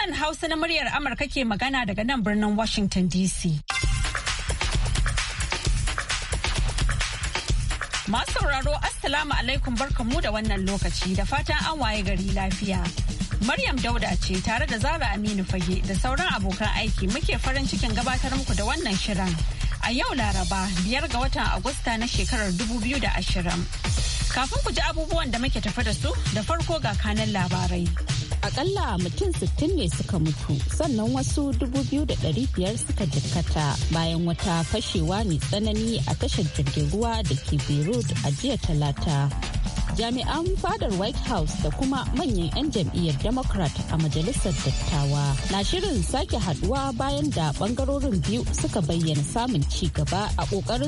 Sashen Hausa na muryar Amurka ke magana daga nan birnin Washington DC. Masu sauraro Assalamu alaikum barkamu da wannan lokaci da fatan an waye gari lafiya. Maryam Dauda ce tare da Zara Aminu Fage da sauran abokan aiki muke farin cikin gabatar muku da wannan shirin. A yau Laraba biyar ga watan Agusta na shekarar 2020. Kafin ku ji abubuwan da muke tafi da su da farko ga kanan labarai. akalla mutum 60 ne suka mutu sannan wasu 2,500 suka jikkata bayan wata fashewa ne tsanani a tashar jirgin ruwa da ke beirut a jiya talata jami'an fadar white house da kuma manyan 'yan jam'iyyar democrat a majalisar dattawa na shirin sake haduwa bayan da bangarorin biyu suka bayyana samun ci gaba a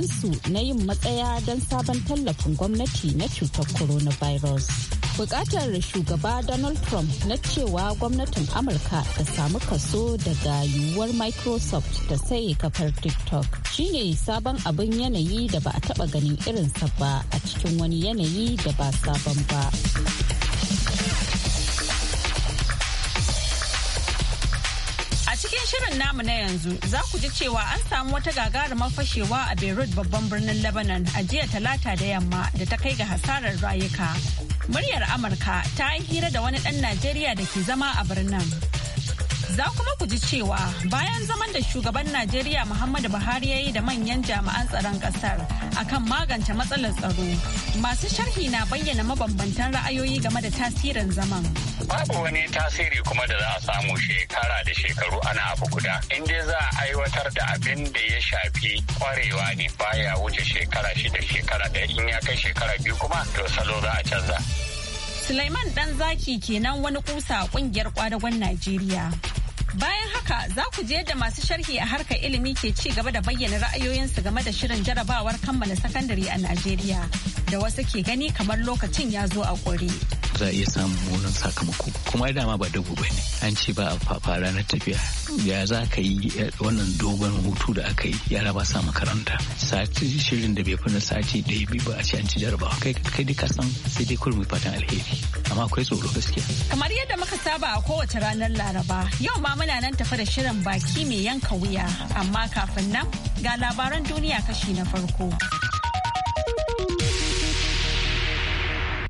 su na yin matsaya don sabon tallafin gwamnati na cutar coronavirus. bukatar shugaba donald trump na cewa gwamnatin amurka ta samu kaso daga yiwuwar microsoft ta sai kafar tiktok shine sabon abin yanayi da ba a taba ganin irinsa ba a cikin wani yanayi da ba sabon ba cikin shirin namu na yanzu za ku ji cewa an samu wata gagarumar fashewa a beirut babban birnin lebanon a jiya talata da yamma da ta kai ga hasarar rayuka Muryar Amurka ta yi hira da wani ɗan Najeriya da ke zama a birnin. Za kuma ku ji cewa bayan zaman da shugaban Najeriya Muhammadu Buhari ya yi da manyan jami'an tsaron kasar akan magance matsalar tsaro, masu sharhi na bayyana mabambantan ra'ayoyi game da tasirin zaman. Babu wani tasiri kuma da za a samu shekara da shekaru ana abu guda. In dai za a aiwatar da abin da ya shafi kwarewa ne baya wuce shekara shida shekara da in ya kai shekara biyu kuma to salo za a canza. Sulaiman ɗan zaki kenan wani kusa ƙungiyar kwadagon Najeriya. Bayan haka za ku je da masu sharhi a harkar ilimi ke ci gaba da bayyana ra'ayoyinsu game da shirin jarabawar kammala sakandare a Najeriya da wasu ke gani kamar lokacin ya zo a kore. Za a iya samun munan sakamako kuma ya dama ba dubu ba ne an ce ba a fafa ranar tafiya ya za ka yi eh, wannan dogon hutu da aka yi yara ba sa makaranta sati shirin da bai fi na sati ɗaya biyu ba a ce an ci jarabawa kai kai ka san sai dai kurmi fatan alheri amma akwai tsoro gaskiya. Kamar yadda muka saba a kowace ranar Laraba yau ma muna nan tafi da shirin baki mai yanka wuya amma kafin nan ga labaran duniya kashi na farko.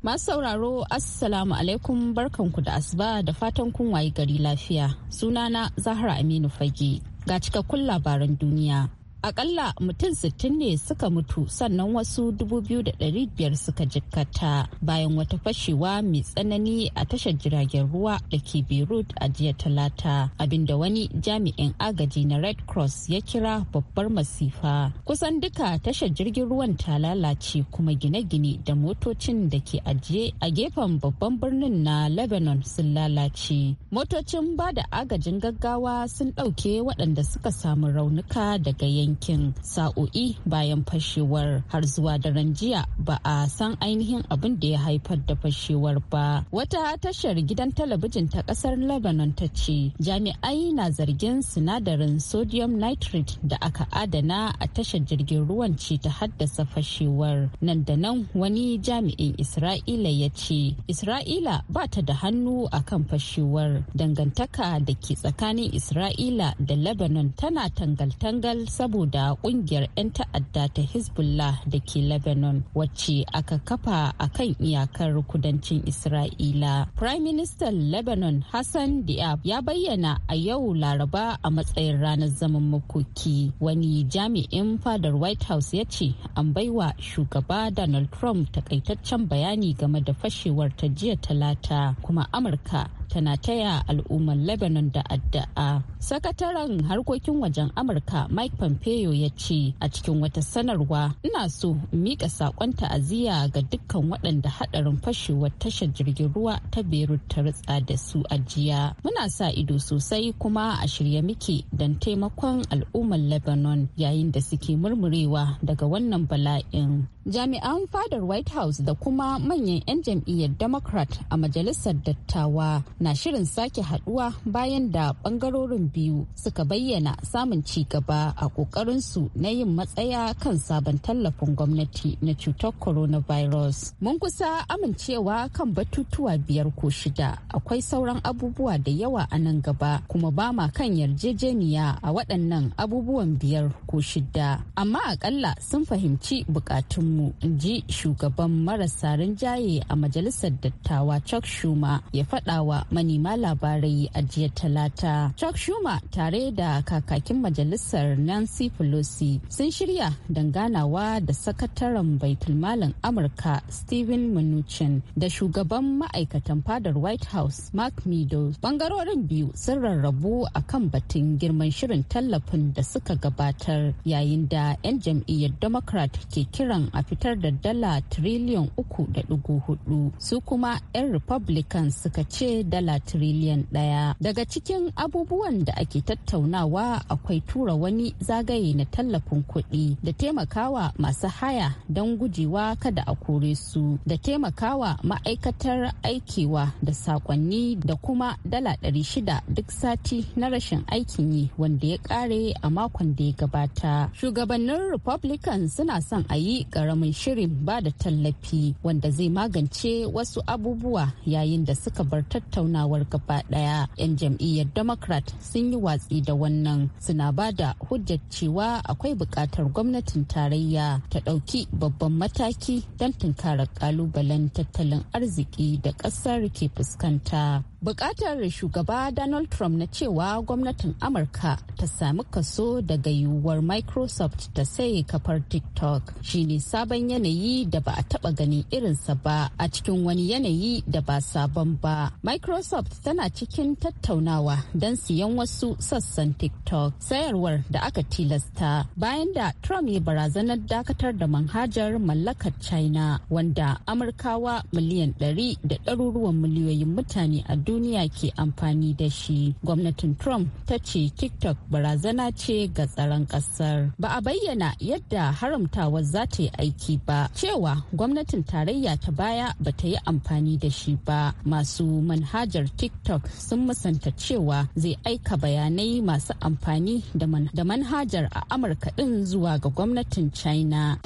Masu sauraro Assalamu alaikum barkanku da asuba da fatan kun wayi gari lafiya. Sunana Zahra Aminu Fage. Ga cikakkun labaran duniya. akalla mutum 60 ne suka mutu sannan wasu 2,500 suka jikkata bayan wata fashewa mai tsanani a tashar jiragen ruwa da ke beirut a jiya talata abinda wani jami'in agaji na red cross ya kira babbar masifa kusan duka tashar jirgin ruwan ta lalace kuma gine-gine da motocin da ke ajiye a gefen babban birnin na lebanon sun lalace motocin ba da agajin gaggawa sun ɗauke waɗanda suka samu raunuka daga yankin yankin sa'o'i bayan fashewar har zuwa daren jiya ba a san ainihin abin da ya haifar da fashewar ba wata tashar gidan talabijin ta kasar lebanon ta ce jami'ai na zargin sinadarin sodium nitrate da aka adana a tashar jirgin ruwan ce ta haddasa fashewar nan da nan wani jami'in isra'ila ya ce isra'ila ba ta da hannu a kan fashewar dangantaka da ke tsakanin isra'ila da lebanon tana tangal-tangal saboda karo da kungiyar 'yan ta'adda ta hezbollah da ke lebanon wacce aka kafa a kan iyakar kudancin isra'ila prime minister lebanon hassan diab ya bayyana a yau laraba a matsayin ranar zaman makoki wani jami'in fadar white house ya ce an baiwa shugaba donald trump takaitaccen bayani game da fashewar ta jiya talata kuma amurka tana taya al'ummar lebanon da addu'a sakataren harkokin wajen amurka mike pompeo ya ce a cikin wata sanarwa ina so miƙa saƙon ta'aziyya ga dukkan waɗanda haɗarin fashewar tashar jirgin ruwa ta beirut ta rutsa da su a jiya muna sa ido sosai kuma a shirya muke don taimakon al'ummar lebanon yayin da suke murmurewa daga wannan bala'in jami'an fadar white house da kuma manyan 'yan jam'iyyar democrat a majalisar dattawa na shirin sake haduwa bayan da bangarorin biyu suka bayyana samun ci gaba a kokarinsu na yin matsaya kan sabon tallafin gwamnati na cutar coronavirus mun kusa amincewa kan batutuwa biyar ko shida akwai sauran abubuwa da yawa a nan gaba kuma ba ma kan yarjejeniya a waɗannan abubuwan biyar ko shida amma akalla sun fahimci bukatun mu in ji shugaban marasa rinjaye a majalisar dattawa chuck shuma ya faɗawa manema labarai a jiya talata chuck shuma tare da kakakin majalisar nancy pelosi sun shirya danganawa da sakataren baitulmalin amurka stephen mnuchin da shugaban ma'aikatan fadar white house mark meadows bangarorin biyu sun rarrabu a kan batun girman shirin tallafin da suka gabatar yayin da 'yan jam'iyyar democrat ke kiran a fitar da dala tiriliyan uku da dugu hudu su kuma 'yan republican suka ce dala tiriliyan daya daga cikin abubuwan da ake tattaunawa akwai tura wani zagaye na tallafin kuɗi da taimakawa masu haya don gujewa kada a kore su da taimakawa ma'aikatar aikewa da sakonni da kuma dala shida duk sati na rashin aikin yi wanda ya kare a makon da ya gabata shugabannin republican suna son a yi karamin shirin ba da tallafi wanda zai magance wasu abubuwa yayin da suka bar tattaunawar gaba daya yan jam'iyyar democrat sun yi watsi da wannan suna ba da hujjar cewa akwai buƙatar gwamnatin tarayya ta ɗauki babban mataki don tunkarar ƙalubalen tattalin arziki da ƙasar ke fuskanta bukatar shugaba donald trump na cewa gwamnatin amurka ta sami kaso daga yiwuwar microsoft ta sai kafar tiktok shine sabon yanayi da ba a taba ganin irinsa ba a cikin wani yanayi da ba sabon ba microsoft tana cikin tattaunawa don siyan wasu sassan tiktok sayarwar da aka tilasta bayan da trump ya barazanar dakatar da manhajar mallakar china wanda amurkawa miliyan 100 da ɗaruruwan miliyoyin mutane a duniya duniya ke amfani da shi gwamnatin trump ta ce tiktok barazana ce ga tsaron kasar ba a bayyana yadda haramtawar za ta yi aiki ba cewa gwamnatin tarayya ta baya ba ta yi amfani da shi ba masu manhajar tiktok sun musanta cewa zai aika bayanai masu amfani da manhajar a amurka din zuwa ga gwamnatin china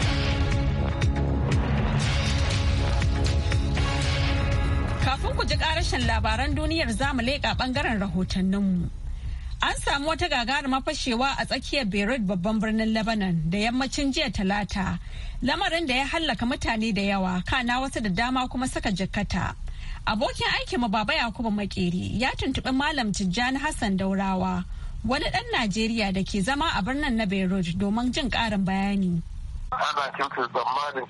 ji karashin labaran duniyar zamu leƙa ɓangaren rahotanninmu. An samu wata gagarumar fashewa a tsakiyar Beirut babban birnin Lebanon da yammacin jiya talata. Lamarin da ya hallaka mutane da yawa kana wasu da dama kuma suka jikkata. Abokin aikin mu Baba Yakubu Makeri ya tuntuɓi Malam Tijjani Hassan Daurawa wani ɗan Najeriya da ke zama a birnin na Beirut domin jin ƙarin bayani. Ana cewa tsammanin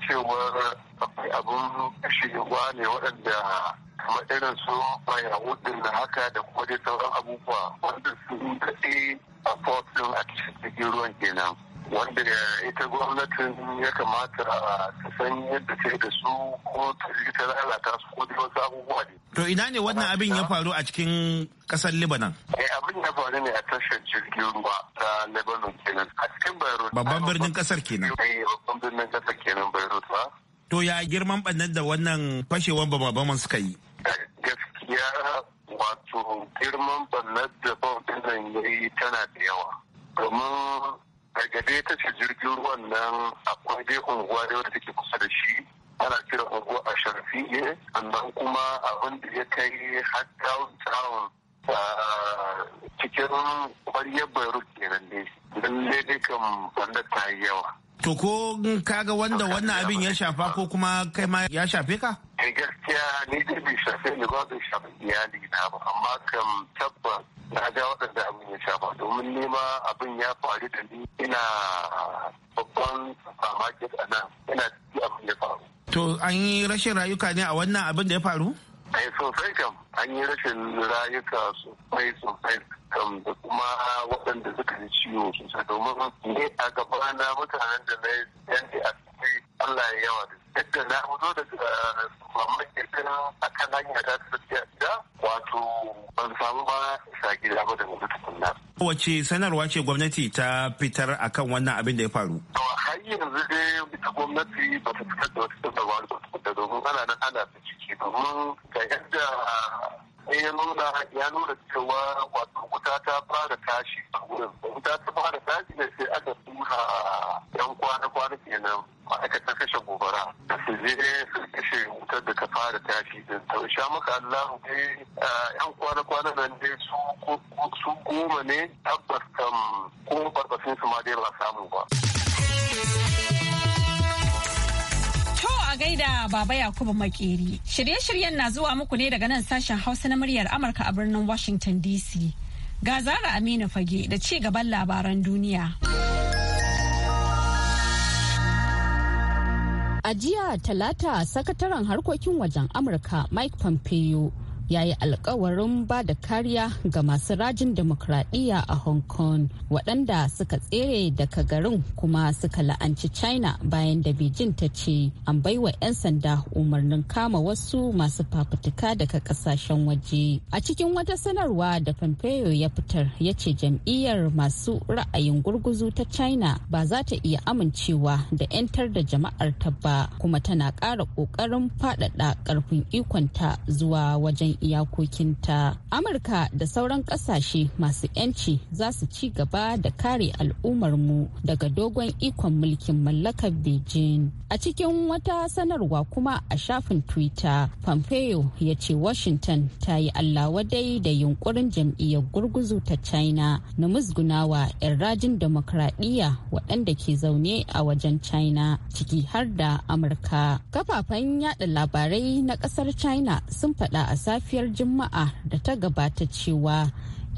abin ne waɗanda kamar irin su bayahudin da haka da kuma da sauran abubuwa wanda sun daɗe a fosil a cikin ruwan kenan wanda ita gwamnatin ya kamata ta san yadda ta da su ko ta yi ta lalata su ko da wasu abubuwa ne. To ina ne wannan abin ya faru a cikin kasar Lebanon? Eh abin ya faru ne a tashar jirgin ruwa ta Lebanon kenan a cikin Beirut. Babban birnin kasar kenan. Eh babban birnin kasar kenan Beirut ba. To ya girman bannan da wannan fashewan bababaman suka yi? gaskiya wato girman ballar da bautin nan yi tana da yawa domin daga dai ta ce jirgin ruwan nan akwai dai unguwa da wadda take kusa da shi ana kira unguwa a ne eh, sannan kuma abin da ya kai har A ah, cikin kwaryar beirut kenan ne don dai kan ta yi yawa To ko kaga wanda wannan abin ya shafa ko kuma kai ma ya shafe ka? Ni eh, gaskiya ni dai bai shafe ni ba zai shafe iyali na ba amma kam tabbas na ga waɗanda abin ya shafa domin ni ma abin ya faru da ni ina babban supermarket a nan ina abin ya faru. To an yi rashin rayuka ne a wannan abin da ya faru? ai sosai kam an yi rashin rayuka sosai sosai kam da kuma waɗanda suka ji ciwo sosai domin ne a gabana mutanen da na yanke a sosai Allah ya yawa da yadda na fito daga eh, mamaki kirkina a kan hanyar da ta fi da wato ban samu ba sa gida ba da mutu tukunna. Wace sanarwa ce gwamnati ta fitar a kan wannan abin da ya faru? Har yanzu dai ita gwamnati ba ta fitar da wata sanarwa da domin ana nan ana bincike domin ga yadda sai eh, ya nuna ya nuna cewa wato wuta ta fara tashi a wurin wuta ta fara tashi ne sai aka tura yan kwana-kwana kenan ma'aikatan kashe gobara da su je su kashe wutar da ta fara tashi din ta sha maka Allah dai yan kwana-kwana nan dai su goma ne tabbas kam ko su ma dai ba samu ba. da Baba Yakubu Makeri. Shirye-shiryen na zuwa muku ne daga nan sashen Hausa na muryar Amurka a birnin Washington DC. Ga Zara Aminu Fage da ci gaban labaran duniya. A jiya Talata, Sakataren Harkokin Wajen Amurka Mike Pompeo ya yi alkawarin ba da kariya ga masu rajin demokradiyya a hong kong waɗanda suka tsere daga garin kuma suka la'anci china bayan da beijing ta ce an baiwa 'yan sanda umarnin kama wasu masu fafutuka daga ƙasashen waje a cikin wata sanarwa da pompeo ya fitar ya ce jam'iyyar masu ra'ayin gurguzu ta china ba za ta iya amincewa da 'yantar da jama'ar ta ba kuma tana ƙara ƙoƙarin faɗaɗa ƙarfin ikonta zuwa wajen iyakokinta amurka da sauran kasashe masu 'yanci za su ci gaba da kare al'ummarmu daga dogon ikon mulkin mallakar beijing a cikin wata sanarwa kuma a shafin twitter pompeo ya ce washington ta yi allawadai da yunkurin jam'iyyar gurguzu ta china na musgunawa 'yan rajin demokradiyya waɗanda ke zaune a wajen china ciki har da amurka kafafen yada labarai na ƙasar china sun faɗa a safe safiyar jima'a da ta gabata cewa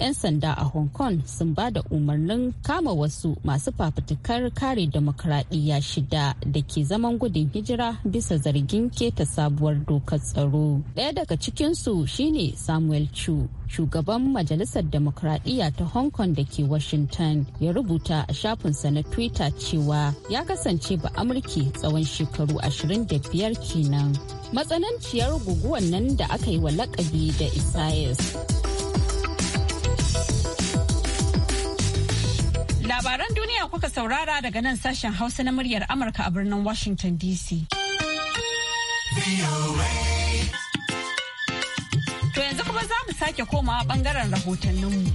'yan sanda a hong kong sun ba da umarnin kama wasu masu fafutukar kare demokradiyya shida da ke zaman gudun hijira bisa zargin keta sabuwar dokar tsaro ɗaya daga cikinsu shine samuel chu shugaban majalisar demokradiyya ta hong kong da ke washington ya rubuta a shafinsa na twitter cewa ya kasance ba amurki tsawon shekaru 25 kenan matsananciyar guguwan nan da aka yi wa lakabi da isaias duniya kuka saurara daga nan sashen Hausa na muryar Amurka a birnin Washington DC. To yanzu kuma za mu sake komawa bangaren rahotanninmu.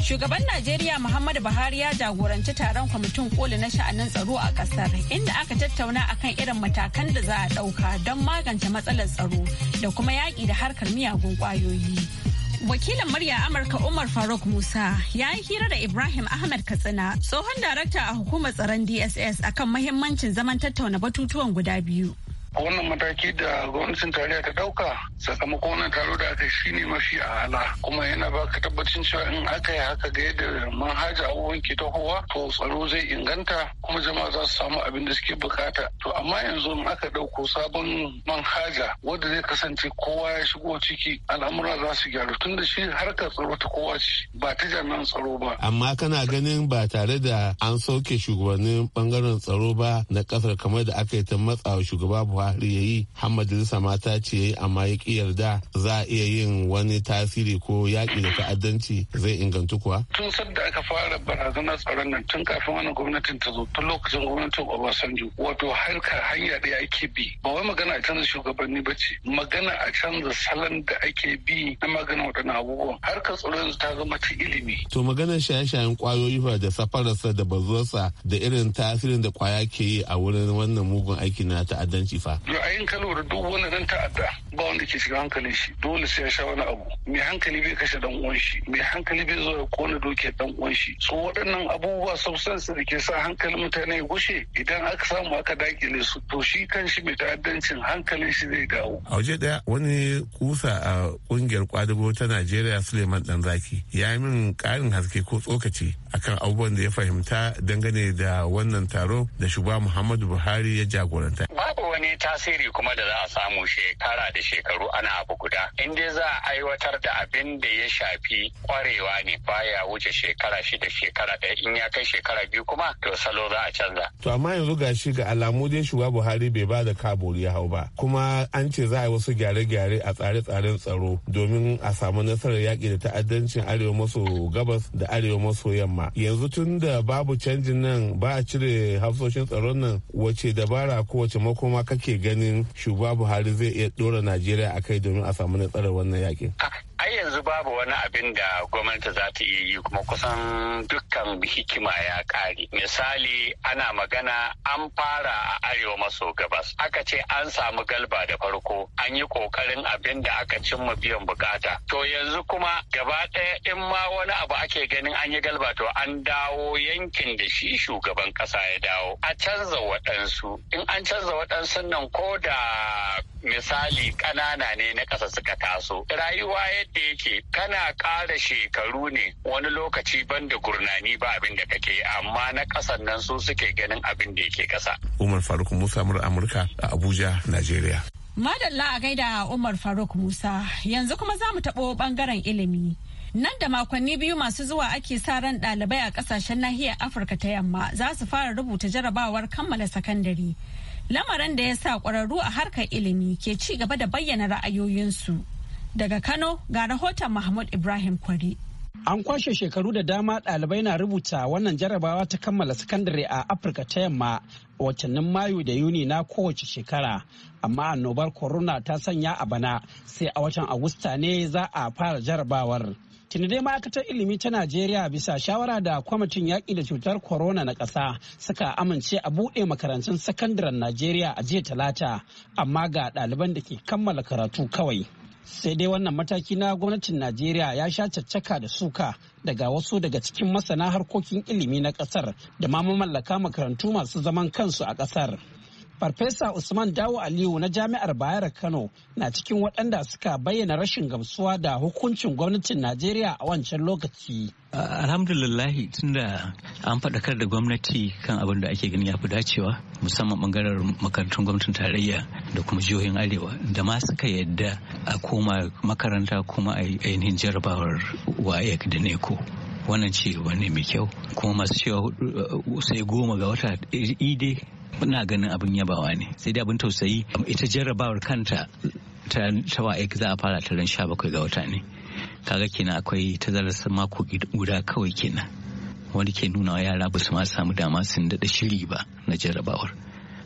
Shugaban Najeriya Muhammadu Buhari ya jagoranci taron kwamitin koli na sha'anin tsaro a kasar inda aka tattauna akan irin matakan da za a ɗauka don magance matsalar tsaro da kuma yaƙi da harkar miyagun ƙwayoyi. Wakilin murya Amurka Umar Faruk Musa ya yi hira da Ibrahim Ahmed Katsina tsohon darakta a hukumar tsaron DSS akan mahimmancin zaman tattauna batutuwan guda biyu. wannan mataki da gwamnatin tarayya ta dauka sakamakon wannan taro da aka shi ne mafi ala kuma yana baka tabbacin cewa in aka yi haka ga yadda manhaja abubuwan ke tahowa to tsaro zai inganta kuma jama'a za su samu abin da suke bukata to amma yanzu in aka dauko sabon manhaja wanda zai kasance kowa ya shigo ciki al'amura za su gyaru tun da shi harkar tsaro ta kowa ce ba ta jami'an tsaro ba amma kana ganin ba tare da an sauke shugabannin bangaren tsaro ba na kasar kamar da aka yi ta matsawa shugaba buhari buhari ya yi Hamadu majalisa mata ce amma ya ki yarda za a iya yin wani tasiri ko yaƙi da ta'addanci zai ingantu kuwa. tun sadda aka fara barazanar tsaron nan tun kafin wani gwamnatin ta zo tun lokacin gwamnatin obasanjo wato harka hanya ɗaya ake bi ba wai magana a canza shugabanni ba ce magana a canza salon da ake bi na magana waɗannan abubuwan harkar tsaron ta zama ta ilimi. to maganar shaye-shayen kwayoyi fa da safararsa da bazuwarsa da irin tasirin da kwaya ke yi a wurin wannan mugun aiki na ta'addanci fa Haifa. Yo ayin ka lura duk wani dan ta'adda ba wanda ke shiga hankalin shi dole sai ya sha wani abu. Mai hankali bai kashe dan uwan shi, mai hankali bai zo ya kona doke dan uwan shi. So waɗannan abubuwa su da ke sa hankalin mutane ya gushe idan aka samu aka dakile su to shi kan shi mai ta'addancin hankalin shi zai dawo. A waje daya wani kusa a ƙungiyar kwadago ta Najeriya Suleiman zaki ya yi min ƙarin haske ko tsokaci akan abubuwan da ya fahimta dangane da wannan taro da shugaba Muhammadu Buhari ya jagoranta. wani tasiri kuma da za a samu shekara da shekaru ana abu guda in dai za a aiwatar da abin da ya shafi kwarewa ne baya wuce shekara shida shekara ɗaya in ya kai shekara biyu kuma to salo za a canza. to amma yanzu ga shi ga alamu dai shugaba buhari bai ba da kaburi hau ba kuma an ce za a yi wasu gyare-gyare a tsare-tsaren tsaro domin a samu nasarar yaƙi da ta'addancin arewa maso gabas da arewa maso yamma yanzu tun da babu canjin nan ba a cire hafsoshin tsaron nan wace dabara ko wace makoma kake ganin shugaba buhari zai iya dora najeriya a kai domin a samu nasarar wannan yakin ai yanzu babu wani abin da gwamnati za ta iya yi kuma kusan dukkan hikima ya kare misali ana magana an fara a arewa maso gabas aka ce an samu galba da farko an yi kokarin abin da aka cimma biyan bukata to yanzu kuma gaba ɗaya in ma wani abu ake ganin an yi galba to an dawo yankin da shi shugaban ƙasa ya dawo a canza waɗansu in an canza waɗansu nan ko da misali ƙanana ne na ƙasa suka taso rayuwa yadda yake kana ƙara shekaru ne wani lokaci ban da gurnani ba abin da kake amma na ƙasan nan su suke ganin abin da yake ƙasa umar faruk musa mura amurka a abuja nigeria madalla a gaida umar faruk musa yanzu kuma za mu taɓo ɓangaren ilimi Nan da makonni biyu masu zuwa ake sa ran ɗalibai a ƙasashen nahiyar Afirka ta yamma za su fara rubuta jarabawar kammala sakandare. lamarin da ya sa ƙwararru a harkar ilimi ke ci gaba da bayyana ra'ayoyinsu. Daga Kano ga rahoton Mahmud Ibrahim Kwari. An kwashe shekaru da dama ɗalibai na rubuta wannan jarabawa ta kammala sakandare a Afirka ta yamma watannin Mayu da Yuni na kowace shekara. Amma annobar corona ta sanya a bana sai a watan Agusta ne za a fara jarabawar. Tuni dai ma'aikatar ilimi ta Najeriya bisa shawara da kwamitin yaƙi da cutar corona na ƙasa suka amince a buɗe makarantun sakandaren Najeriya a jiya talata amma ga ɗaliban da ke kammala karatu kawai. Sai dai wannan mataki na gwamnatin Najeriya ya sha caccaka da suka daga wasu daga cikin masana harkokin ilimi na ƙasar da ma mamallaka makarantu masu zaman kansu a ƙasar. Farfesa Usman Dawo Aliyu na Jami'ar Bayar Kano na cikin waɗanda suka bayyana rashin gamsuwa da hukuncin gwamnatin Najeriya a wancan lokaci. Alhamdulillahi tunda an faɗakar da gwamnati kan abin da ake gani ya fi dacewa musamman bangaren makarantun gwamnatin tarayya da kuma jihohin arewa da ma suka yadda a koma makaranta kuma a ainihin jarabawar wayek da neko wannan ce wani mai kyau kuma masu cewa eh, sai goma ga wata eh, ide ina ganin abin yabawa ne sai dai abin tausayi ita jarrabawar kanta ta wa'ek za a fara ta ran sha ga wata ne kaga kenan akwai tazarar mako guda kawai kenan wani ke nuna wa yara basu ma samu dama sun daɗa shiri ba na jarrabawar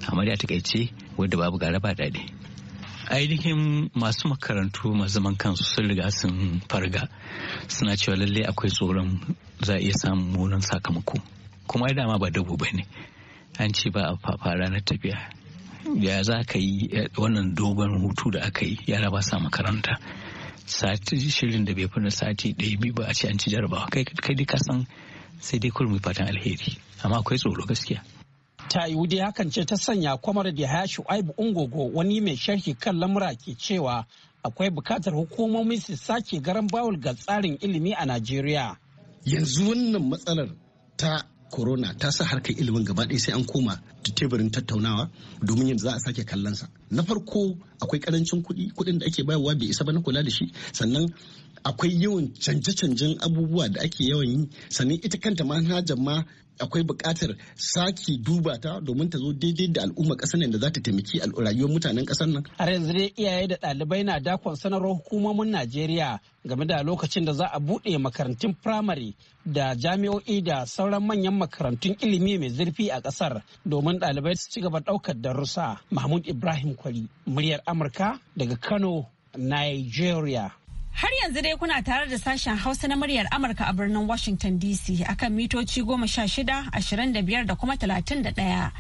amma da kaice wadda babu gara ba daɗi ainihin masu makarantu masu zaman kansu sun riga sun farga suna cewa lallai akwai tsoron za a iya samun munan sakamako kuma ya dama ba dabo ba ne an ce ba a fafa ranar tafiya ya za ka yi wannan dogon hutu da aka yi yara ba sa makaranta sati shirin da bai fi sati ɗaya biyu ba a ce an ci jarabawa kai dai ka san sai dai kurmi fatan alheri amma akwai tsoro gaskiya ta yiwu dai hakan ce ta sanya kwamar da ya shu'aibu ungogo wani mai sharhi kan lamura ke cewa akwai bukatar hukumomi su sake garan bawul ga tsarin ilimi a najeriya yanzu wannan matsalar ta corona ta sa harkar ilimin gaba ɗaya sai an koma teburin tattaunawa domin yanzu za a sake kallon sa na farko akwai karancin kuɗi kuɗin da ake bayarwa bai isa ba na kula da shi sannan akwai yawan canje-canjen abubuwa da ake yawan yi sannan ita kanta manhajar ma akwai bukatar sake duba ta domin ta zo daidai da al'umma ƙasar nan da za ta taimaki rayuwar mutanen ƙasar nan. Har yanzu dai iyaye da ɗalibai na dakon sanarwar hukumomin Najeriya game da lokacin da za a buɗe makarantun firamare da jami'o'i da sauran manyan makarantun ilimi mai zurfi a ƙasar domin ɗalibai su ci gaba ɗaukar darussa. Mahmud Ibrahim Kwari, muryar Amurka daga Kano, Nigeria. Har yanzu dai kuna tare da sashen Hausa na muryar Amurka a birnin Washington DC akan mitoci goma sha shida, ashirin da biyar da kuma talatin da ɗaya.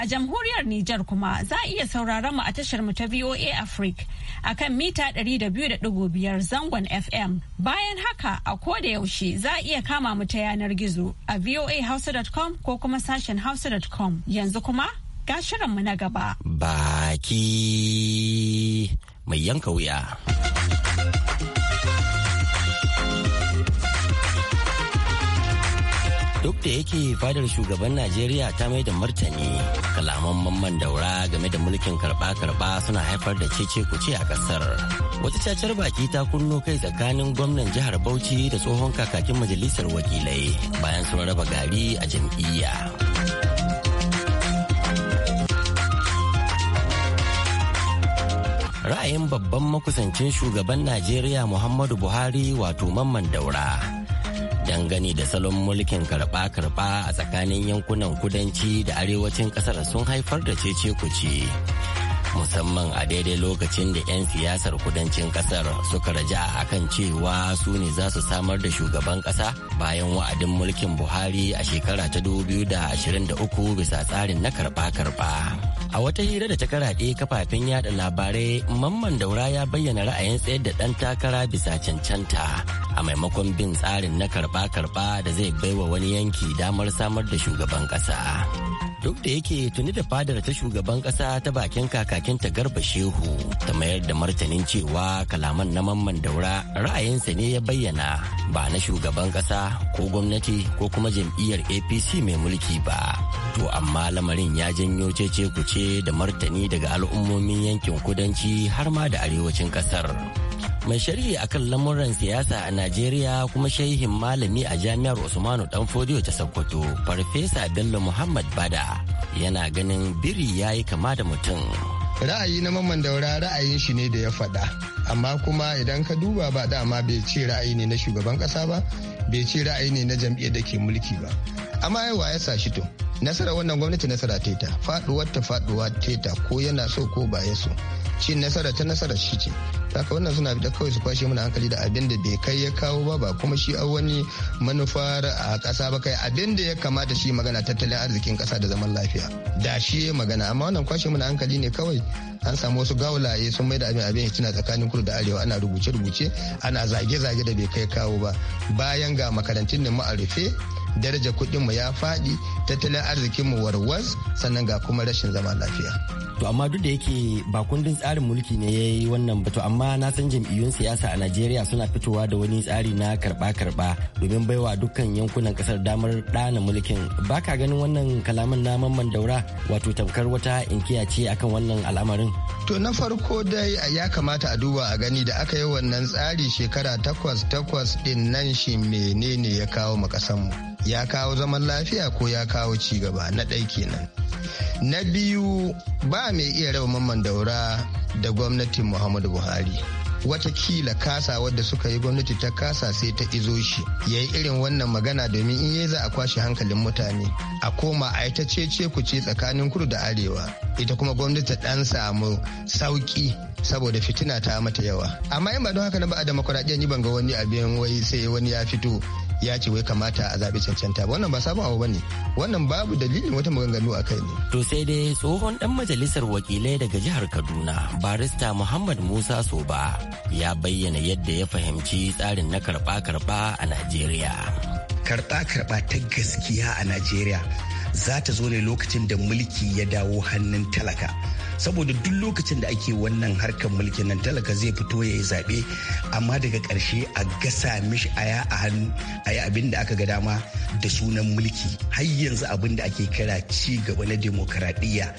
A jamhuriyar Nijar kuma za a iya sauraron mu a tashar mu ta VOA Africa akan mita 200.5 zangon FM. Bayan haka a koda yaushe za a iya kama mu ta yanar gizo a voahausa.com ko kuma sashen hausa.com. Yanzu kuma ga mu na gaba. Baki mai yanka wuya. duk da yake fadar shugaban najeriya ta mai da martani kalaman mamman daura game da mulkin karba-karba suna haifar da cece kuce a kasar wata cacar baki ta kunno kai tsakanin gwamnan jihar bauchi da tsohon kakakin majalisar wakilai bayan sun raba gari a jam'iyya ra'ayin babban makusancin shugaban najeriya muhammadu buhari wato mamman daura gani da salon mulkin karɓa-karɓa a tsakanin yankunan kudanci da arewacin ƙasar sun haifar da cece kuce musamman a daidai lokacin da 'yan siyasar kudancin kasar suka raja a kan cewa su ne za su samar da shugaban kasa bayan wa'adin mulkin buhari a shekara ta 2023 bisa tsarin na karba-karba a wata hira da ta karaɗe kafafen yada labarai mamman daura ya bayyana ra'ayin tsayar da ɗan takara bisa cancanta a maimakon bin tsarin na karba-karba da zai baiwa wani yanki damar samar da shugaban ƙasa. duk da yake tuni da fadar ta shugaban kasa ta bakin kakakinta garba shehu ta mayar da martanin cewa kalaman na mamman daura ra'ayinsa ne ya bayyana ba na shugaban kasa ko gwamnati ko kuma jam'iyyar apc mai mulki ba to amma lamarin ya janyo cece kuce da martani daga al'ummomin yankin kudanci har ma da arewacin kasar mai sharhi akan lamuran siyasa a Najeriya kuma shehin malami a jami'ar Usmanu Fodiyo ta Sokoto, Farfesa Bello Muhammad Bada yana ganin biri ya yi kama da mutum. Ra'ayi na Mamman Daura ra'ayin shi ne da ya faɗa, amma kuma idan ka duba ba dama bai ce ra'ayi ne na shugaban ƙasa ba, bai ce ra'ayi ne na jam'iyyar da ke mulki ba. Amma yawa ya sa shi to. nasara wannan gwamnati nasara teta faduwar ta faduwa teta ko yana so ko ba ya so shi nasara ta nasara shi ce haka wannan suna da kawai su kwashe mana hankali da abin da bai kai ya kawo ba ba kuma shi an wani manufar a kasa ba kai abin da ya kamata shi magana tattalin arzikin kasa da zaman lafiya da shi ya magana amma wannan kwashe mana hankali ne kawai an samu wasu gawulaye sun mai da abin abin tuna tsakanin kudu da arewa ana rubuce rubuce ana zage zage da bai kai kawo ba bayan ga makarantun ne mu rufe daraja mu ya faɗi tattalin arzikinmu warwas sannan ga kuma rashin zaman lafiya. To amma duk da yake ba kundin tsarin mulki ne ya yi wannan ba to amma na san jam'iyyun siyasa a Najeriya suna fitowa da wani tsari na karba-karba domin baiwa dukkan yankunan kasar damar ɗana mulkin. Ba ka ganin wannan kalaman na mamman daura wato tamkar wata inkiya ce akan wannan al'amarin. To na farko dai ya kamata a duba a gani da aka yi wannan tsari shekara takwas takwas din nan shi menene ya kawo mu ya kawo zaman lafiya ko ya kawo ci gaba na ɗai kenan na biyu ba mai iya raba mamman daura da gwamnatin muhammadu buhari wata kila kasa wadda suka yi gwamnati ta kasa sai ta izo shi ya yi irin wannan magana domin in yi za a kwashe hankalin mutane a koma a ita cece ku ce tsakanin kudu da arewa ita kuma gwamnati dan samu sauki saboda fitina ta mata yawa amma in ba don haka na ba a demokuraɗiyar ni ban ga wani abin wai sai wani ya fito ya ce wai kamata a zaɓi cancanta wannan ba sabon abu bane wannan babu dalilin wata maganganu a kai ne. To sai dai tsohon dan majalisar wakilai daga jihar Kaduna barista Muhammad Musa Soba ya bayyana yadda ya fahimci tsarin na karɓa-karɓa a Najeriya. Karɓa-karɓa ta gaskiya a Najeriya zata zo ne lokacin da mulki ya dawo hannun talaka. saboda duk lokacin da ake wannan harkar mulkin nan talaka zai fito ya yi zaɓe amma daga ƙarshe a gasa mishi aya a hannu a yi abin da aka ga dama da sunan mulki har yanzu abin da ake kira ci gaba na demokaradiyya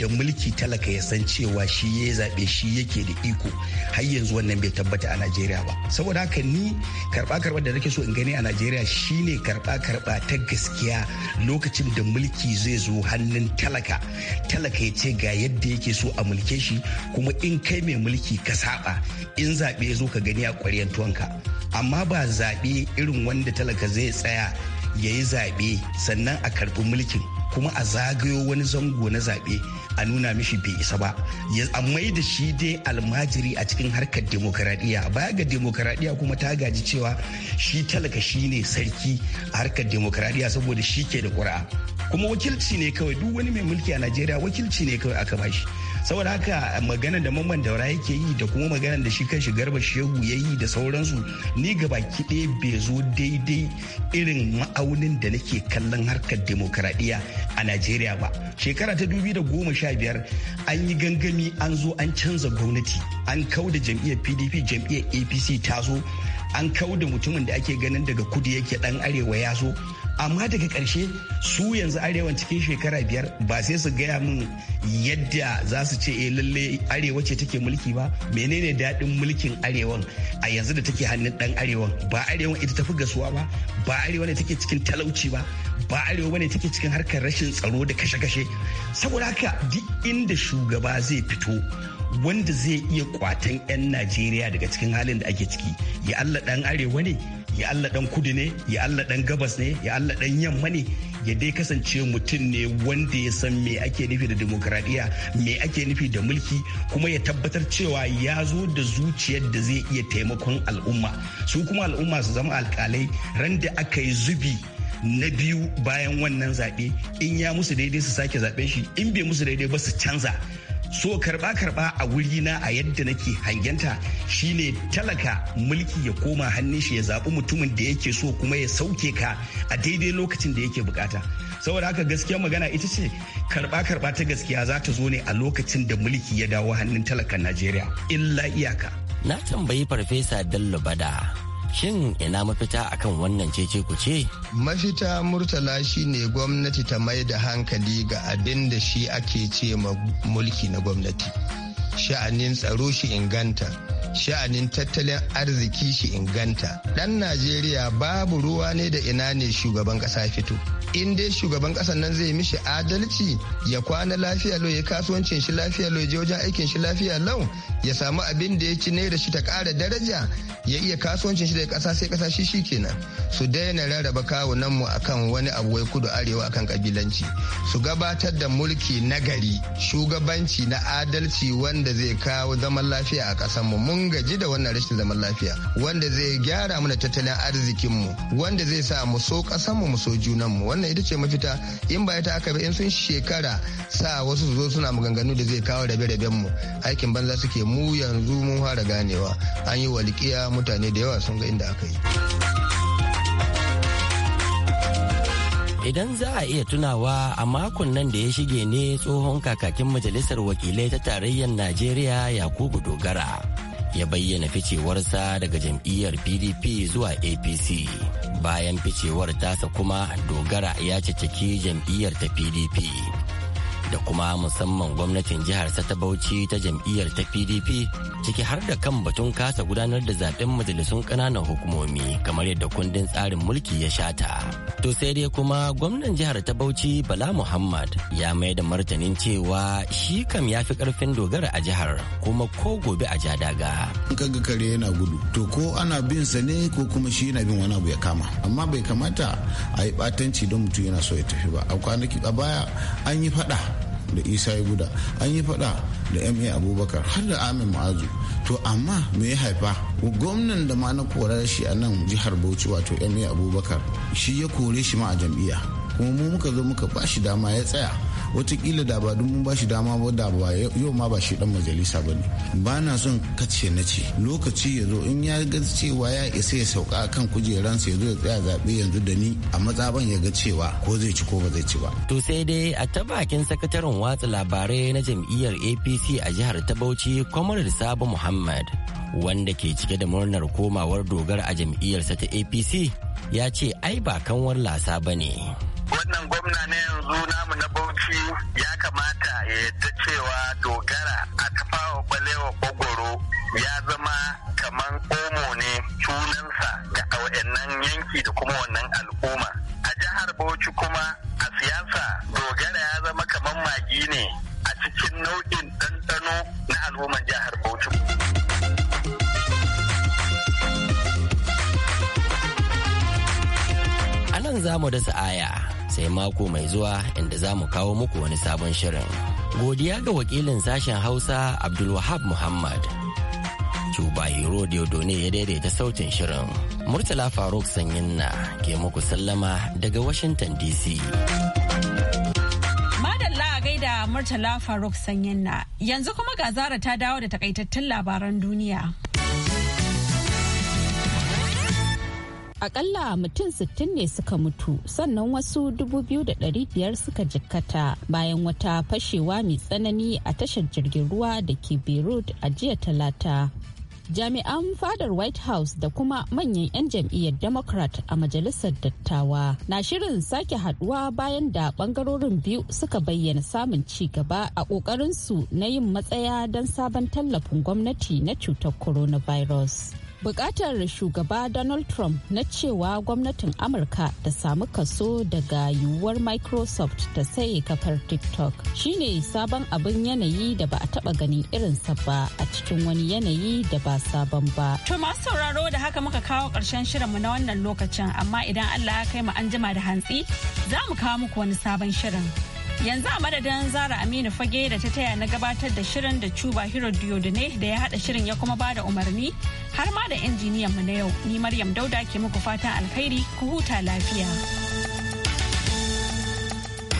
da mulki talaka ya san cewa shi ya yi zaɓe shi yake da iko har yanzu wannan bai tabbata a najeriya ba saboda haka ni karɓa karɓa da nake so in gani a najeriya shine karɓa karɓa ta gaskiya lokacin da mulki zai zo hannun talaka talaka ya ce ga yadda ya. yake so a mulke shi kuma in kai mai mulki ka saba in zaɓe ya zo ka gani a ƙwaryen tuwanka amma ba zaɓe irin wanda talaka zai tsaya ya yi zaɓe sannan a karɓi mulkin kuma a zagayo wani zango na zaɓe a nuna mishi bai isa ba ya mai da shi dai almajiri a cikin harkar demokaradiyya baya ga demokaradiyya kuma ta gaji cewa shi talaka shi ne sarki a harkar demokaradiyya saboda shi ke da kura kuma wakilci ne kawai duk wani mai mulki a najeriya wakilci ne kawai aka bashi saboda haka magana da mamman daura yake yi da kuma magana da shi kanshi garba shehu ya yi da sauransu ni gaba ɗaya bai zo daidai irin ma'aunin da nake kallon harkar demokradiyya a najeriya ba shekara ta dubi da goma sha biyar an yi gangami an zo an canza gwamnati an kau da jam'iyyar pdp jam'iyyar apc ta zo an kau da mutumin da ake ganin daga kudu yake dan arewa ya zo amma daga karshe su yanzu arewan cikin shekara biyar ba sai su gaya min yadda za su ce e lalle arewa ce take mulki ba menene daɗin mulkin arewan a yanzu da take hannun ɗan arewa ba arewa ita tafi gasuwa ba ba arewa ne take cikin talauci ba ba arewa ne take cikin harkar rashin tsaro da kashe-kashe saboda haka duk inda shugaba zai fito wanda zai iya kwatan 'yan najeriya daga cikin halin da ake ciki ya allah ɗan arewa ne ya Allah dan kudu ne ya Allah dan gabas ne ya Allah dan yamma ne ya dai kasance mutum ne wanda ya san me ake nufi da demokradiyya me ake nufi da mulki kuma ya tabbatar cewa ya zo da zuciyar da zai iya taimakon al'umma su kuma al'umma su zama alkalai ran da aka yi zubi na biyu bayan wannan zaɓe in ya musu daidai su sake zaɓen shi in bai musu daidai ba su canza so karba karba a wuri na a yadda nake hangenta shine talaka mulki ya koma hannun shi ya zaɓi mutumin da yake so kuma ya sauke ka a daidai lokacin da yake bukata saboda haka gaskiya magana ita ce karba karba ta gaskiya za ta zo ne a lokacin da mulki ya dawo hannun talakan najeriya illa iyaka na tambayi farfesa dallo bada Shin ina mafita akan wannan cece ku ce? Mafita Murtala shine gwamnati ta mai da hankali ga abin da shi ake ce ma mulki na gwamnati. Sha'anin tsaro shi inganta, sha'anin tattalin arziki shi inganta. Ɗan Najeriya babu ruwa ne da ina ne shugaban ƙasa fito. in dai shugaban kasan nan zai mishi adalci ya kwana lafiya lau ya kasuwancin shi lafiya lau je wajen aikin shi lafiya lau ya samu abin da ya ci ne da shi ta kara daraja ya iya kasuwancin shi da kasa sai kasa shi kenan su daina rarraba kawunan mu akan wani abu wai kudu arewa akan kabilanci su gabatar da mulki na gari shugabanci na adalci wanda zai kawo zaman lafiya a kasan mu mun gaji da wannan rashin zaman lafiya wanda zai gyara mana tattalin arzikin mu wanda zai sa mu so kasan mu mu so junan mu wannan ita ce mafita in ba ita aka bi in sun shekara sa wasu su zo suna maganganu da zai kawo rabe-raben mu aikin banza suke mu yanzu mun fara ganewa an yi walikiya mutane da yawa sun ga inda aka yi. Idan za a iya tunawa a makon nan da ya shige ne tsohon kakakin majalisar wakilai ta tarayyar Najeriya Yakubu Dogara ya bayyana ficewarsa daga jam'iyyar pdp zuwa apc bayan ficewar tasa kuma dogara ya ciciki jam'iyyar ta pdp da kuma musamman gwamnatin jihar ta Bauchi ta jam'iyyar ta PDP ciki har da kan batun kasa gudanar da zaben majalisun kananan hukumomi kamar yadda kundin tsarin mulki ya shata. To sai dai kuma gwamnan jihar ta Bauchi Bala Muhammad ya mai da martanin cewa shi kam ya fi ƙarfin dogara a jihar kuma ko gobe a jadaga. Kaga kare yana gudu to ko ana bin sa ne ko kuma shi yana bin wani abu ya kama amma bai kamata a yi batanci don mutum yana so ya tafi ba a kwanaki a baya an yi faɗa da isa ya guda an yi faɗa da ma abubakar har da amin ma'azu to amma me ya haifa gwamnan da ma na kora shi a nan jihar bauchi wato ma abubakar shi ya kore shi ma a jam'iyya kuma mu muka zo muka ba shi dama ya tsaya watakila da ba mun ba shi dama ba da ba yau ma ba shi dan majalisa ba ne ba na son kace na ce lokaci ya zo in ya ga cewa ya isa ya sauka kan kujeransa ya zo ya tsaya zaɓe yanzu da ni a matsaban ya ga cewa ko zai ci ko ba zai ci ba. to sai dai a ta bakin sakataren watsa labarai na jam'iyyar apc a jihar ta bauchi kwamar sabo muhammad wanda ke cike da murnar komawar dogara a jam'iyyarsa ta apc ya ce ai ba kanwar lasa ba ne. wannan gwamna na yanzu namu na bauchi ya kamata ya yadda cewa dogara a tafawa balewa kogoro ya zama kaman omo ne sunansa ga wayannan yanki da kuma wannan al'umma a jihar bauchi kuma a siyasa dogara ya zama kaman magi ne a cikin nau'in ɗanɗano na al'umman jihar bauchi nan za mu dasa aya sai mako mai zuwa inda za mu kawo muku wani sabon shirin. Godiya ga wakilin sashen Hausa Abdulwahab Muhammad. Cuba Hero Diodone ya daidaita sautin shirin. Murtala Faruk Sanyin na ke muku sallama daga Washington DC. Madalla a Murtala Faruk Sanyin na yanzu kuma ga zara ta dawo da takaitattun labaran duniya. akalla mutum 60 ne suka mutu sannan wasu 2,500 suka jikkata bayan wata fashewa mai tsanani a tashar jirgin ruwa da ke beirut a jiya talata jami'an fadar white house da kuma manyan 'yan jam'iyyar democrat a majalisar dattawa na shirin sake haduwa bayan da bangarorin biyu suka bayyana samun ci gaba a kokarinsu na yin matsaya don sabon tallafin gwamnati na cutar coronavirus bukatar shugaba donald trump na cewa gwamnatin amurka ta samu kaso daga yiwuwar microsoft ta saye kafar tiktok shine sabon abin yanayi da ba a taba ganin irinsa ba a cikin wani yanayi da ba sabon ba to masu sauraro da haka muka kawo karshen shirinmu na wannan lokacin amma idan allah ya kai mu an jima da hantsi za mu kawo muku wani sabon shirin Yanzu a madadin Zara Aminu Fage da ta taya na gabatar da shirin da Cuba Hero Diodune da ya haɗa shirin ya kuma bada umarni har ma da injiniyan mu na yau ni Maryam Dauda ke muku fatan alkhairi ku huta lafiya.